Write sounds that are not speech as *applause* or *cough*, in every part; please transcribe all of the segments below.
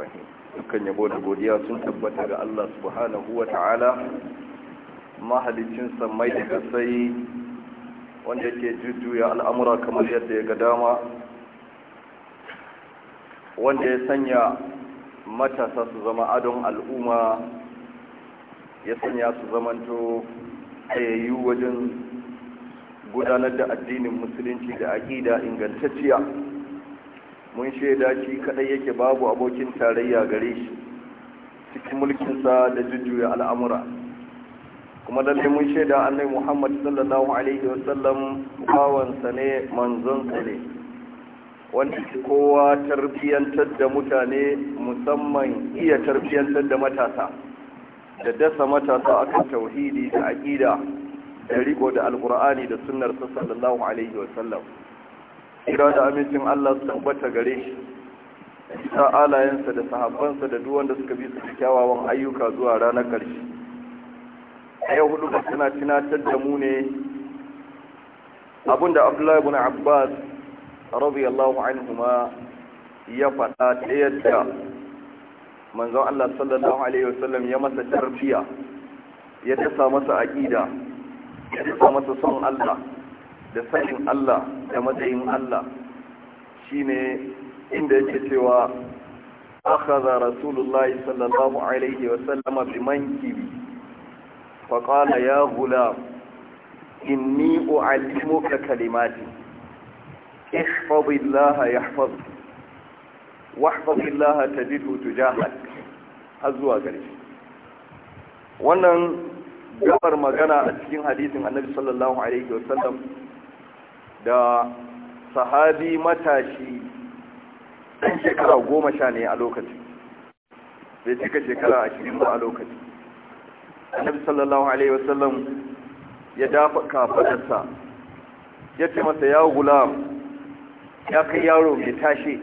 rahim dukkan yabo da godiya sun tabbata ga Allah subhanahu wa ta'ala mahalicin samai da kasai wanda ke jujjuya al'amura kamar yadda ya ga dama wanda ya sanya matasa su zama adon al'umma ya sanya su zamanto tsayayyu wajen gudanar da addinin musulunci da aƙida ingantacciya mun shaida shi kadai yake babu abokin tarayya gare shi cikin mulkinsa da jujjuya al'amura kuma dalle mun shaida annai muhammad sallallahu alaihi wasallam bawansa ne manzonsa ne wanda kowa tarbiyyantar da mutane musamman iya tarbiyyantar da matasa da dasa matasa akan tauhidi da aƙida da riko da Alƙur'ani da sunnar sallallahu alaihi wasallam kira da amincin Allah su tabbata gare shi ta alayensa da sahabbansa da duk wanda suka bi su kyawawan ayyuka zuwa ranar ƙarshe a yau hudu ba suna tunatar da mu ne abinda abdullahi ibn abbas radiyallahu anhuma ya faɗa ta yadda manzon Allah sallallahu alaihi wasallam ya masa tarbiya ya dasa masa aqida ya dasa masa son Allah da sanin Allah da matsayin Allah shine inda yake cewa akhadha rasulullahi sallallahu alaihi wa sallama bi mankibi fa qala ya ghulam inni u'allimuka kalimati ihfazillaha yahfazuk wahfazillaha tajidhu tujahak har zuwa ƙarshe wannan gabar magana a cikin hadisin annabi sallallahu alaihi wa sallam da sahabi matashi ɗan shekara goma sha ne a lokaci bai cika shekara ashirin ba a lokaci annabi sallallahu alaihi wasallam ya dafa kafadarsa ya ce masa ya gulam ya kai yaro mai tashi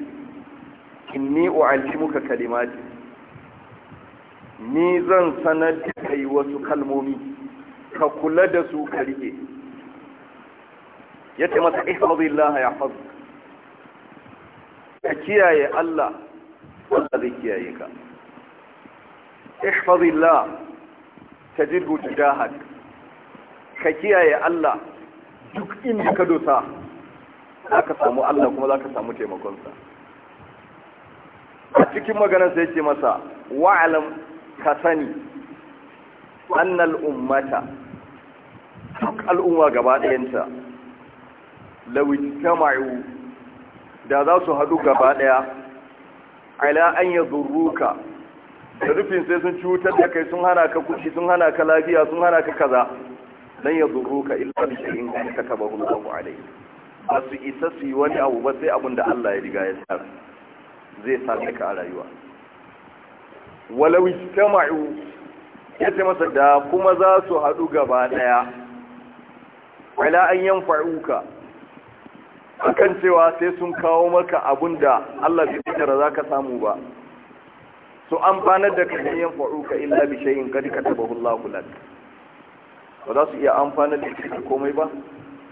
muka kalima kalimati ni zan sanar da kai wasu kalmomi ka kula da su ka ya ce masa ihfazillah ya fazu ka kiyaye Allah wanda zai kiyaye ka ihfazillah tajidhu tujahak ka kiyaye Allah duk inda ka dosa za ka samu Allah kuma za ka samu taimakonsa a cikin maganar sai ce masa wa'alam ka sani annal ummata duk al'umma gaba ɗayanta lawin tama'u da za su haɗu gaba ɗaya ala an ya zurruka da rufin sai sun cutar da kai sun hana ka kuɗi sun hana ka lafiya sun hana ka kaza dan ya zurruka illa bi shay'in ka kaba Allahu dai. ba su isa su yi wani abu ba sai abin da Allah ya riga ya sa zai sa ka a rayuwa walau ijtama'u ya ce masa da kuma za su haɗu gaba ɗaya ala an yanfa'uka akan cewa sai sun kawo maka abun da Allah bai tsara za ka samu ba so amfanar da ka yan ka illa bi shay'in ka katabahu Allahu lak ba za su iya fanar da kai komai ba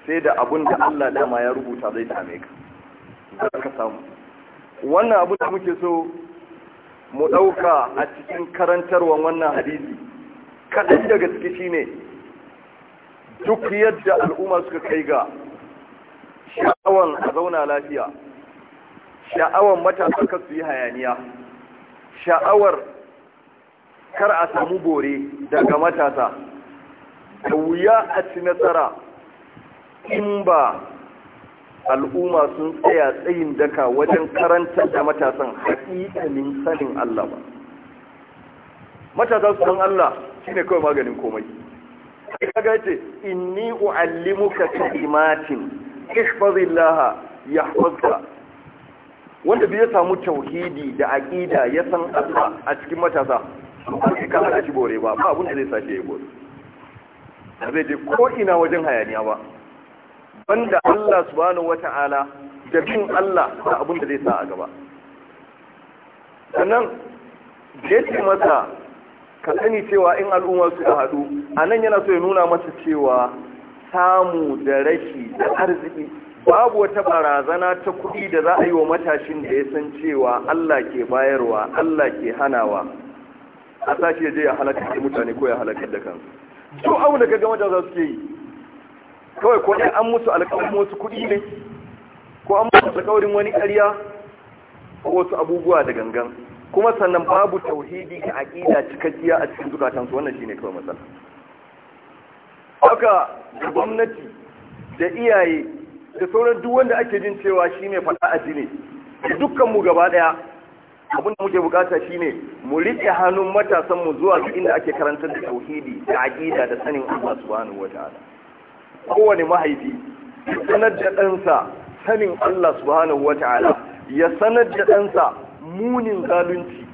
sai da abun da Allah dama ya rubuta zai same ka za ka samu wannan abu da muke so mu dauka a cikin karantarwan wannan hadisi kadan daga ciki shine duk yadda al'umma suka kai ga sha'awan a zauna lafiya sha'awan matasa kan su yi hayaniya sha'awar kar a samu bore daga matasa da wuya a ci nasara in ba al'umma sun tsaya tsayin daka wajen karanta da matasan haƙiƙanin sanin Allah ba matasa su san Allah shine kawai maganin komai kaga ce inni uallimuka kalimatin ihfazillaha yahfazka wanda bai samu tauhidi da aqida ya san Allah a cikin matasa ka hada shi bore ba ba abin da zai sace ya bore zai je ko ina wajen hayaniya ba banda Allah subhanahu wata'ala da bin Allah da abin da zai sa a gaba sannan jeti masa ka sani cewa in al'umma su haɗu a nan yana so ya nuna masa cewa samu da rashi da arziki babu wata barazana ta kuɗi da za a yi wa matashin da ya san cewa Allah ke bayarwa Allah ke hanawa a sashi ya je ya halakar da mutane ko ya halakar da kansu to abu da gaggama da za su ke yi kawai ko ɗaya an musu alƙawarin wasu kuɗi ne ko an musu alƙawarin wani ƙarya ko wasu abubuwa da gangan kuma sannan babu tauhidi ga aƙida cikakkiya a cikin zukatansu wannan shine kawai matsala haka da gwamnati da iyaye da sauran duk wanda ake jin cewa shi ne faɗa a jini da dukkanmu gaba ɗaya abin da muke bukata ne mu riƙe hannun matasanmu zuwa su inda ake karantar da tauhidi da aƙida da sanin Allah subhanahu kowane mahaifi sanar da ɗansa sanin Allah subhanahu ya sanar da ɗansa munin zalunci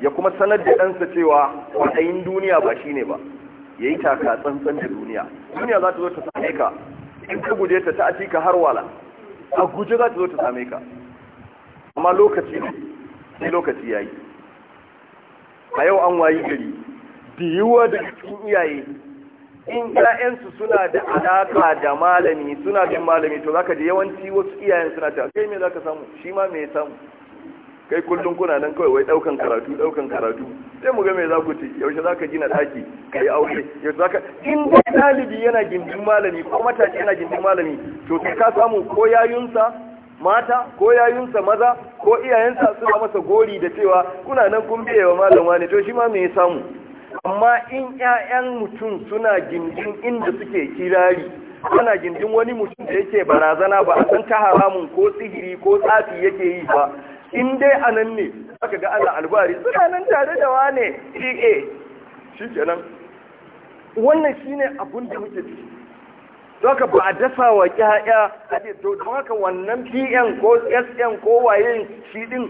ya kuma sanar da ɗansa cewa kwaɗayin duniya ba shi ne ba ya yi taka tsantsan da duniya duniya za ta zo ta same ka in ka guje ta ta aci ka har wala a guje za ta zo ta same ka amma lokaci ne sai lokaci ya yi a yau an wayi gari da yiwuwa da cikin iyaye in ƴaƴansu suna da alaƙa da malami suna bin malami to za ka ji yawanci wasu iyayen suna ta sai me ka samu shi ma me ya samu kai kullum kuna nan kawai wai daukan karatu daukan karatu sai mu ga me za ku ci yaushe za ka gina daki kai aure yaushe za ka in dai dalibi yana gindin malami ko matashi yana gindin malami to sai ka samu ko yayunsa mata ko yayunsa maza ko iyayensa suna masa gori da cewa kuna nan kun biye wa malama ne to shi ma me ya samu amma in ƴaƴan mutum suna gindin inda suke kirari ana gindin wani mutum da yake barazana ba a san ta haramun ko sihiri ko tsafi yake yi ba in dai a nan ne aka ga ana albari suna nan tare da wane pa shi kenan wannan shine abun da muke ciki Doka ba a dasa wa ƴaƴa a ce to don haka wannan PN ko SN ko waye shi din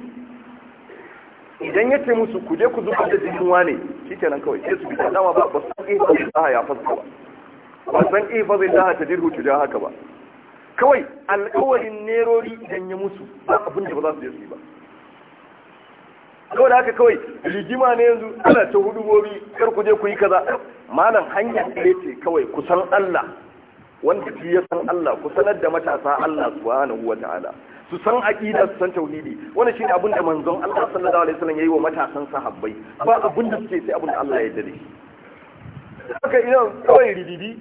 idan ya ce musu ku je ku zuba da jikin wane shi kenan kawai sai su bi dama ba ba san ba su Allah ya fasa ba ba san eh zai Allah ta dirhu tuja haka ba kawai alƙawarin nerori idan ya musu abin da ba za su je su yi ba kawai da haka kawai rigima ne yanzu ana ta gobi kar ku je ku yi kaza malam hanya ɗaya ce kawai ku san Allah wanda shi ya san Allah ku sanar da matasa Allah subhanahu wa ta'ala su san aqida su san tauhidi wannan shine abin da manzon Allah sallallahu alaihi wasallam yayi wa matasan sahabbai ba abin da suke sai abin da Allah ya dade haka idan kawai rididi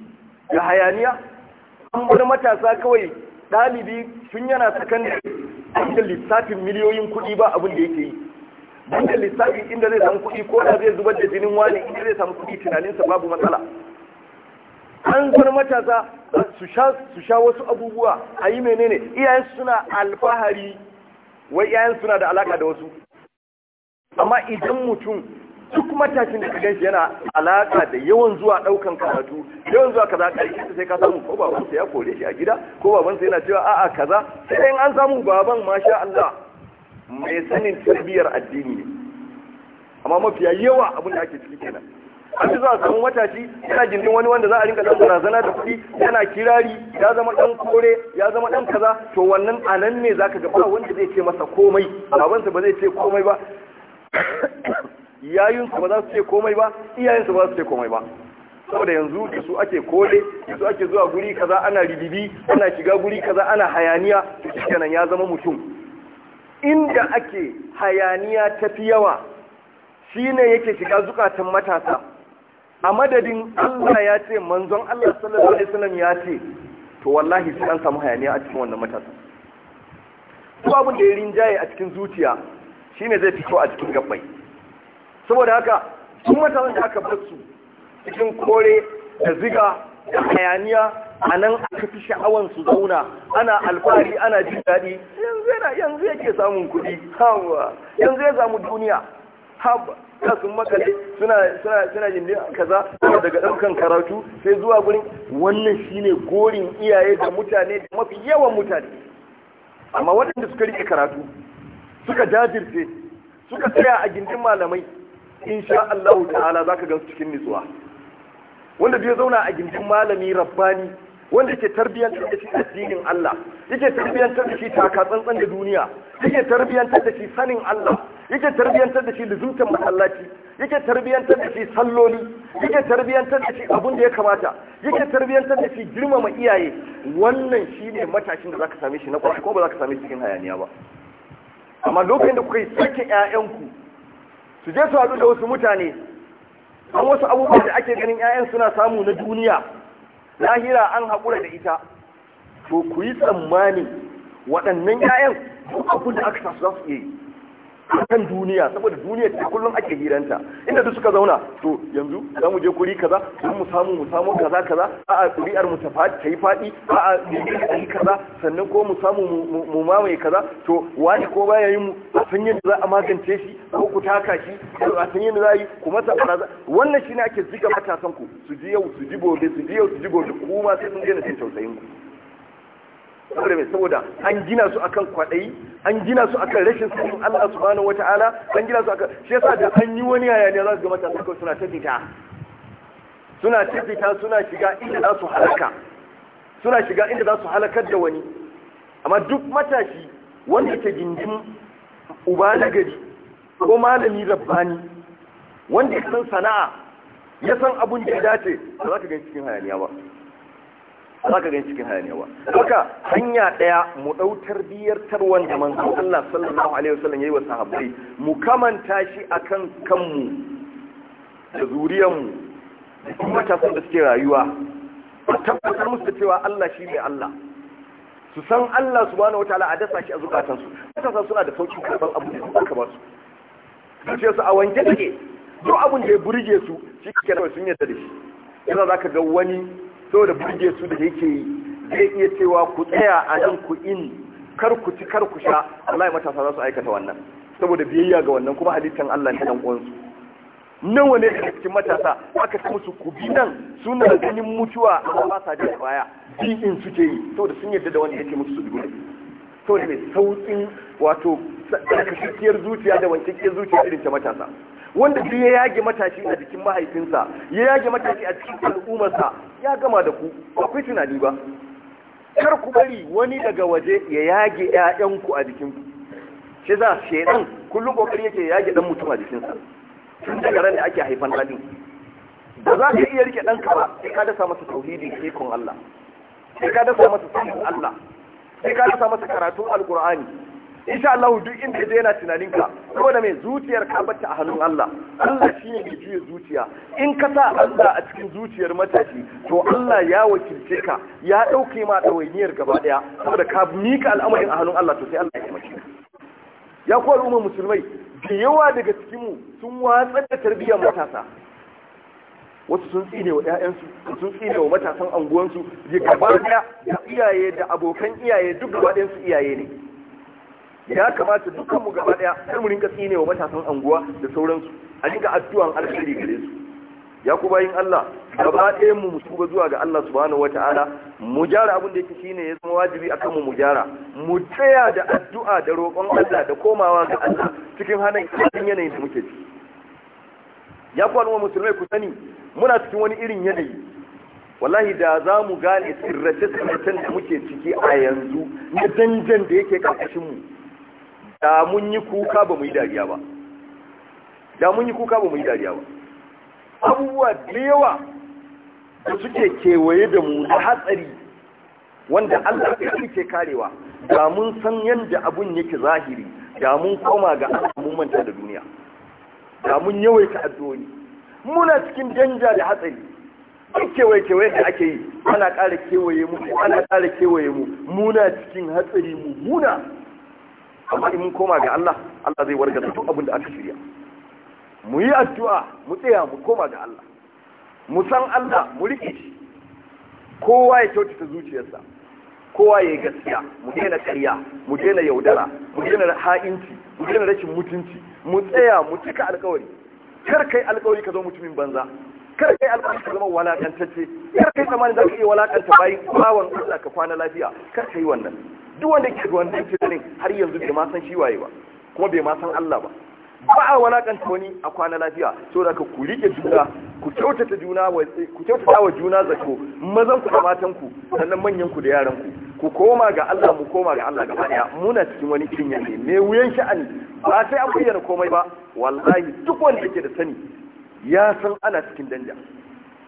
ya hayaniya an bar matasa kawai dalibi sun yana sakandare da cikin lissafin miliyoyin kuɗi ba abin da yake yi wanda lissafi inda zai samu kuɗi ko da zai zubar da jinin wani inda zai samu kuɗi tunaninsa babu matsala an bar matasa su sha wasu abubuwa a yi menene iyayen suna alfahari wai iyayen suna da alaka da wasu amma idan mutum duk matashin da kagan shi yana alaka da yawan zuwa daukan karatu yawan zuwa kaza karshe sai ka samu ko babansa ya kore shi a gida ko babansa yana cewa a'a kaza sai in an samu baban masha Allah mai sanin tarbiyyar addini ne amma mafiya yawa abin da ake ciki kenan an fi zuwa samun matashi yana gindin wani wanda za a rinka ɗan barazana da kuɗi yana kirari ya zama ɗan kore ya zama ɗan kaza to wannan a nan ne za ka ga ba wanda zai ce masa komai babansa ba zai ce komai ba *coughs* yayinsu ba za su ce komai ba iyayensu ba za su ce komai ba saboda yanzu da su ake kole da su ake zuwa guri kaza ana ribibi ana shiga guri kaza ana hayaniya kenan ya zama mutum inda ake hayaniya ta fi yawa shi ne yake shiga zukatan matasa a madadin Allah ya ce manzon Allah sallallahu alaihi wasallam ya ce to wallahi su an samu hayaniya a cikin wannan matasa duk abin da ya rinjaye a cikin zuciya shine zai fito a cikin gabbai saboda haka sun matasan da aka bar su cikin kore da ziga da hayaniya a nan aka fi sha'awan su zauna ana alfahari ana jin daɗi yanzu yake samun kuɗi hawa yanzu ya samu duniya Hab ta sun makale suna yin kaza daga ɗaukan karatu sai zuwa gurin wannan shine gorin iyaye da mutane da mafi yawan mutane amma waɗanda suka rike karatu suka jajirce suka tsaya a gindin malamai in sha Allah ta'ala zaka ga cikin nutsuwa wanda zai zauna a gindin malami rabbani wanda yake tarbiyyantar da shi addinin Allah yake tarbiyyantar da shi takatsantsan da duniya yake tarbiyyantar da shi sanin Allah yake tarbiyyantar da shi luzumtan masallaci yake tarbiyyantar da shi salloli yake tarbiyyantar da shi abun da ya kamata yake tarbiyyantar da shi girmama iyaye wannan shine matashin da zaka same shi na kwashi ko ba zaka same shi cikin hayaniya ba amma lokacin da kuka yi sake ƴaƴanku su je su haɗu da wasu mutane an wasu abubuwa da ake ganin ƴaƴan suna samu na duniya lahira an haƙura da ita to ku yi tsammani waɗannan 'ya'yan duk abin da aka sa su za su yi akan duniya saboda duniya ce kullum ake hiranta inda duk suka zauna to yanzu za mu je kuri kaza don mu samu mu samu kaza kaza a a kuri'ar mu ta yi faɗi a a yi kaza sannan ko mu samu mu mamaye kaza to wani ko baya yi mu a san yadda za a magance shi ko ku taka shi a san yadda za a yi ku masa kaza wannan shine ake ziga matasan ku su ji yau su ji gobe su ji yau su ji gobe kuma sai sun daina cin tausayin ku saboda mai saboda an gina su akan kwaɗayi an gina su akan rashin sanin Allah subhanahu wata'ala an gina su akan shi yasa da an yi wani yaya ne za su ga matasa kawai suna ta fita suna ta fita suna shiga inda za su halaka suna shiga inda za su halakar da wani amma duk matashi wanda ke gindin uba na gari ko malami rabbani wanda ya san sana'a ya san abun da ya dace ba za ka gani cikin hayaniya ba za ka gani cikin hayaniya haka hanya ɗaya mu ɗau tarbiyartarwan da manzon Allah sallallahu alaihi wasallam yayi wa sahabbai mu kamanta shi akan kanmu da zuriyanmu da kuma matasan da suke rayuwa a tabbatar musu cewa Allah shi ne Allah su san Allah subhanahu wataala a dasa shi a zukatansu matasa suna da sauƙin karɓar abu da suka ba su su a wanke take duk abin da ya burge su shi kenan sun yarda da shi yana za ka ga wani saboda burge su da yake yi zai iya cewa ku tsaya a nan ku in kar ku ci kar ku sha ya matasa za su aikata wannan saboda biyayya ga wannan kuma halittan Allah ta dan uwansu nawa ne daga cikin matasa aka ci musu ku bi nan suna ganin mutuwa a ba sa da baya bi in suke yi saboda sun yarda da wanda yake musu su bi saboda mai saukin wato kashiyar zuciya da wancakkiyar zuciya irin ta matasa wanda duk ya yage matashi a jikin mahaifinsa ya yage matashi a cikin al'ummarsa ya gama da ku ba ku tunani ba kar ku bari wani daga waje ya yage ƴaƴanku a jikin ku shi za shedan kullum kokari yake ya yage dan mutum a jikinsa tun daga ran da ake haifan ɗan ba za ka iya rike ɗanka ba sai ka dasa masa tauhidin ikon Allah sai ka dasa masa sunan Allah sai ka dasa masa karatun alqur'ani insha Allah duk inda je yana tunanin ka ko da mai zuciyar ka bata a hannun Allah Allah shine ke jiya zuciya in ka sa Allah a cikin zuciyar matashi to Allah ya wakilce ka ya dauke ma dawainiyar gaba daya saboda ka mika al'amarin a hannun Allah to sai Allah ya taimake ya ku al'ummar musulmai da yawa daga cikinmu sun watsa da tarbiyyar matasa wasu sun tsine wa sun tsine wa matasan anguwansu ya gaba da iyaye da abokan iyaye duk gaba su iyaye ne ya kamata dukkanmu gaba daya har mu rinka tsine wa matasan anguwa da sauransu a dinga addu'an alheri gare su ya ku bayin Allah gaba ɗayan mu musuba zuwa ga Allah subhanahu wataala mu jara abin da yake shine ya zama wajibi akan mu mu jara mu tsaya da addu'a da roƙon Allah da komawa ga Allah cikin hannun yanayin da muke ciki ya ku alwa musulmai ku sani muna cikin wani irin yanayi wallahi da za mu gane sirrace sirracen da muke ciki a yanzu na danjan da yake karkashin mu da mun yi kuka ba mu yi dariya ba da kuka ba mu yi dariya ba abubuwa da yawa da suke kewaye da mu da hatsari wanda Allah ya ke karewa da mun san yadda abun yake zahiri da mun koma ga Allah da duniya da mun yawaita addu'o'i muna cikin danja da hatsari duk kewaye-kewaye da ake yi ana kewaye ana ƙara kewaye mu muna cikin hatsari mu muna amma in mun koma ga Allah Allah zai warga duk abin da aka shirya mu yi addu'a mu tsaya mu koma ga Allah mu san Allah mu rike shi kowa ya kyautata zuciyarsa kowa ya yi gaskiya mu daina ƙarya, mu daina yaudara mu daina ha'inci mu daina rashin mutunci mu tsaya mu cika alƙawari, kar kai alƙawari ka zo mutumin banza kar kai alƙawari ka zama walakantacce kar kai tsammanin za ka iya walakanta bayan bawan Allah ka kwana lafiya kar kai wannan duk wanda yake da wannan tunanin har yanzu bai ma san shi waye ba kuma bai ma san Allah ba ba a walakanta wani a kwana lafiya so da ka kuri ke juna ku kyautata juna wa ku kyautata wa juna zato mazan ku da matan ku sannan manyan ku da yaran ku ku koma ga Allah mu koma ga Allah gaba daya muna cikin wani irin yanzu ne wuyan sha'ani ba sai an bayyana komai ba wallahi duk wanda yake da sani ya san ana cikin danja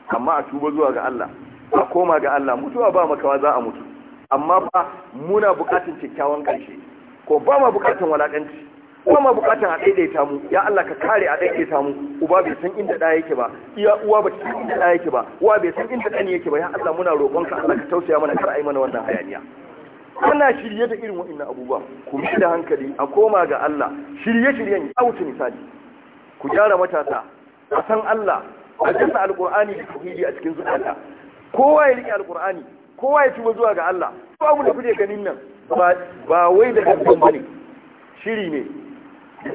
amma a tuba zuwa ga Allah a koma ga Allah mutuwa ba makawa za a mutu amma ba muna bukatun kyakkyawan ƙarshe ko ba ma bukatun walakanci ba ma bukatun a daidaita mu ya Allah ka kare a daidaita mu uba bai san inda ɗaya yake ba iya uwa ba san inda ɗaya yake ba uwa bai san inda ɗani yake ba ya Allah muna roƙonka Allah ka tausaya mana kar a yi mana wannan hayaniya ana shirye da irin wa'annan abubuwa ku bi da hankali a koma ga Allah shirye-shiryen ya wuce misali ku gyara matasa a san Allah a jasa alƙur'ani da tauhidi a cikin zukata kowa ya riƙe alƙur'ani kowa ya tuba zuwa ga Allah ba mu da kuje ganin nan ba wai da gangan bane shiri ne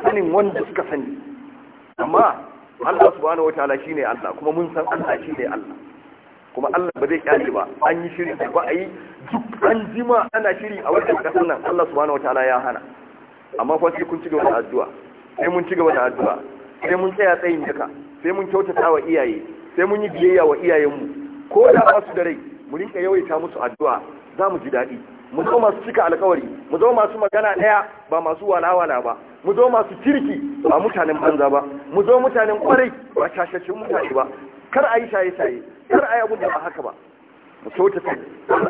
sanin wanda suka sani amma Allah subhanahu wataala shine Allah kuma mun san Allah shine Allah kuma Allah ba zai kyale ba an yi shiri ba a yi duk an jima ana shiri a wajen kasan nan Allah subhanahu wataala ya hana amma kwa sai kun ci gaba da addu'a sai mun ci gaba da addu'a sai mun tsaya tsayin daka sai mun kyautata wa iyaye sai mun yi biyayya wa iyayenmu ko da ba su da rai mu rinka yawaita musu addu'a za mu ji daɗi mu zo masu cika alkawari mu zo masu magana ɗaya ba masu walawala ba mu zo masu kirki ba mutanen banza ba mu zo mutanen kwarai ba shashashin mutane ba kar a yi shaye-shaye kar a yi abin da ba haka ba mu kai. kyautata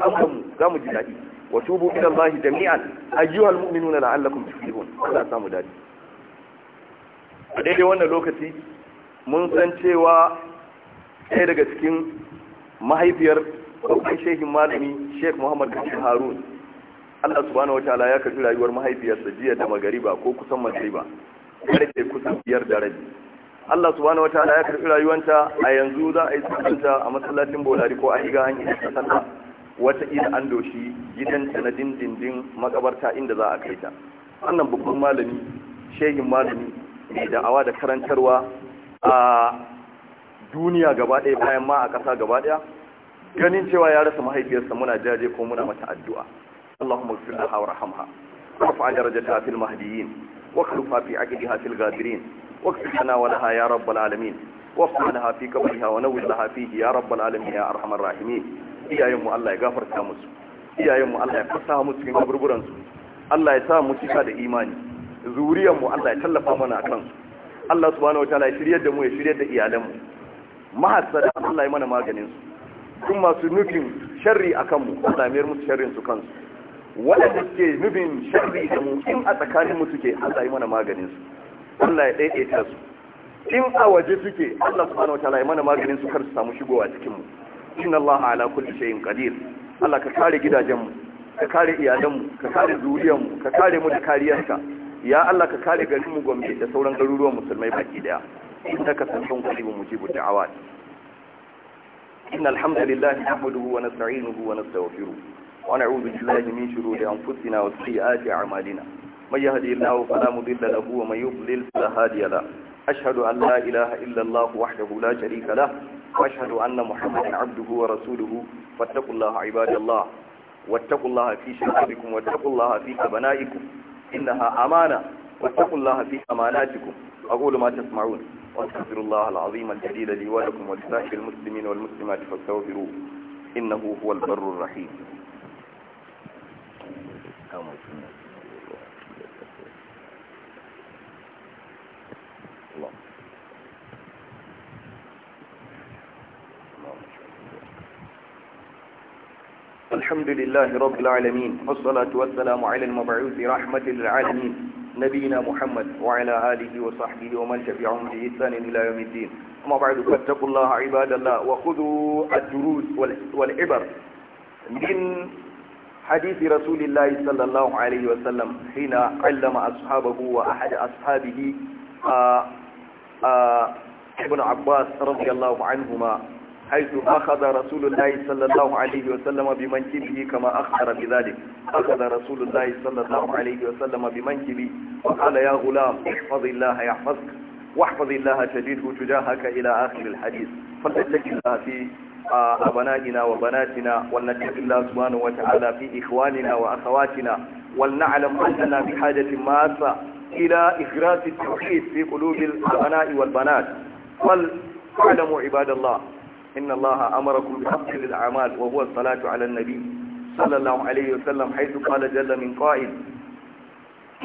mu. za mu ji daɗi wa tubu ila Allah jami'an ayyuhal mu'minuna la'allakum tuflihun Allah samu daɗi a daidai wannan lokaci mun san cewa ɗaya daga cikin mahaifiyar babban shehin malami sheikh muhammad kashir harun allah subhanahu wa ta'ala ya karbi rayuwar mahaifiyarsa jiya da magariba ko kusan magariba ke kusan biyar da rabi allah subhanahu wa ta'ala ya karbi rayuwanta a yanzu za a yi sanarta a masallacin bolari ko a higa hanyar ta sallah wata ila an doshi gidanta na dindindin makabarta inda za a kai ta wannan babban malami shehin malami mai da'awa da karantarwa a duniya gaba ɗaya bayan ma a ƙasa gaba ɗaya ganin cewa ya rasa mahaifiyarsa muna jaje ko muna mata addu'a Allahumma ighfir laha warhamha warfa darajataha fil mahdiyyin واخلفها في عقدها في الغابرين واكفر لنا ولها يا رب العالمين وافتح لها في قبرها ونور لها فيه يا رب العالمين يا ارحم rahimin. Iyayenmu Allah ya gafarta musu iyayenmu Allah ya fasaha musu cikin kaburburan su Allah ya sa mu cika da imani zuriyar mu Allah ya tallafa mana akan su Allah subhanahu wataala ya shiryar da mu ya shiryar da iyalan mu mahassada Allah ya mana maganin su sun masu nufin sharri a kanmu a samiyar musu sharrin su kansu waɗanda suke nufin sharri da mu in a tsakanin suke Allah yi mana maganinsu. Allah ya ɗaiɗaita su in a waje suke Allah subhanahu wata ya mana maganinsu kar su samu shigowa cikinmu mu Allah ala kulli shay'in kadir Allah ka kare gidajenmu, ka kare iyalanmu ka kare zuriyanmu, ka kare mu da kariyarka ya Allah ka kare garinmu mu Gombe da sauran garuruwan musulmai baki daya innaka sami'un qaribun mujibu da'awat إن الحمد لله نحمده ونستعينه ونستغفره ونعوذ بالله من شرور أنفسنا وسيئات أعمالنا من يهدي الله فلا مضل له ومن يضلل فلا هادي له أشهد أن لا إله إلا الله وحده لا شريك له وأشهد أن محمدا عبده ورسوله فاتقوا الله عباد الله واتقوا الله في شبابكم واتقوا الله في أبنائكم إنها أمانة واتقوا الله في أماناتكم أقول ما تسمعون واستغفر الله العظيم الجليل لي ولكم ولسائر المسلمين والمسلمات فاستغفروه إنه هو البر الرحيم الحمد لله رب العالمين والصلاة والسلام على المبعوث رحمة للعالمين نبينا محمد وعلى آله وصحبه ومن تبعهم بإحسان إلى يوم الدين أما بعد فاتقوا الله عباد الله وخذوا الدروس والعبر من حديث رسول الله صلى الله عليه وسلم حين علم أصحابه وأحد أصحابه آآ آآ ابن عباس رضي الله عنهما حيث أخذ رسول الله صلى الله عليه وسلم بمنكبه كما أخبر بذلك أخذ رسول الله صلى الله عليه وسلم بمنكبي وقال يا غلام احفظ الله يحفظك واحفظ الله تجده تجاهك إلى آخر الحديث فلتتك الله في أبنائنا وبناتنا ولنتق الله سبحانه وتعالى في إخواننا وأخواتنا ولنعلم أننا بحاجة ماسة إلى إخراج التوحيد في قلوب الأبناء والبنات فاعلموا عباد الله إن الله أمركم بأفضل الأعمال وهو الصلاة على النبي صلى الله عليه وسلم حيث قال جل من قائل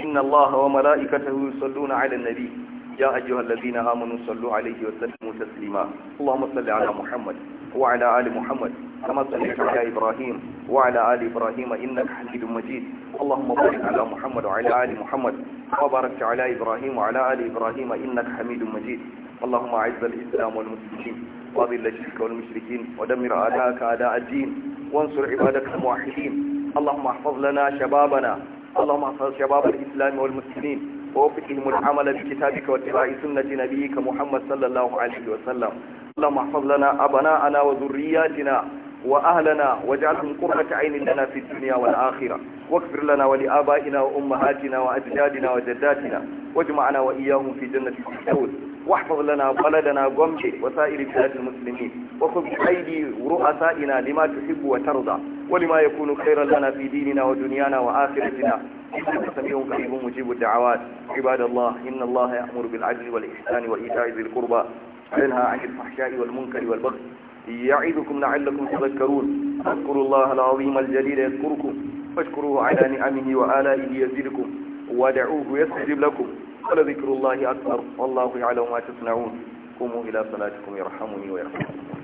إن الله وملائكته يصلون على النبي يا أيها الذين آمنوا صلوا عليه وسلموا تسليما اللهم صل على محمد وعلى آل محمد كما صليت على إبراهيم وعلى آل إبراهيم إنك حميد مجيد اللهم بارك على محمد وعلى آل محمد وبارك على إبراهيم وعلى آل إبراهيم إنك حميد مجيد اللهم أعز الإسلام والمسلمين واضل لشرك والمشركين ودمر أعداءك أعداء الدين وانصر عبادك الموحدين اللهم احفظ لنا شبابنا اللهم احفظ شباب الإسلام والمسلمين ووفقهم العمل بكتابك واتباع سنة نبيك محمد صلى الله عليه وسلم اللهم احفظ لنا أبناءنا وذرياتنا وأهلنا واجعلهم قرة عين لنا في الدنيا والآخرة واغفر لنا ولآبائنا وأمهاتنا وأجدادنا وجداتنا واجمعنا وإياهم في جنة الفردوس واحفظ لنا بلدنا قمشي وسائر بلاد المسلمين وخذ بأيدي رؤسائنا لما تحب وترضى ولما يكون خيرا لنا في ديننا ودنيانا وآخرتنا إنك سميع قريب مجيب الدعوات عباد الله إن الله يأمر بالعدل والإحسان وإيتاء ذي القربى وينهى عن الفحشاء والمنكر والبغي يعظكم لعلكم تذكرون اذكروا الله العظيم الجليل يذكركم واشكروه على نعمه وآلائه يزدكم ودعوه يستجب لكم ولذكر الله أكبر والله يعلم ما تصنعون قوموا إلى صلاتكم يرحمني ويرحمكم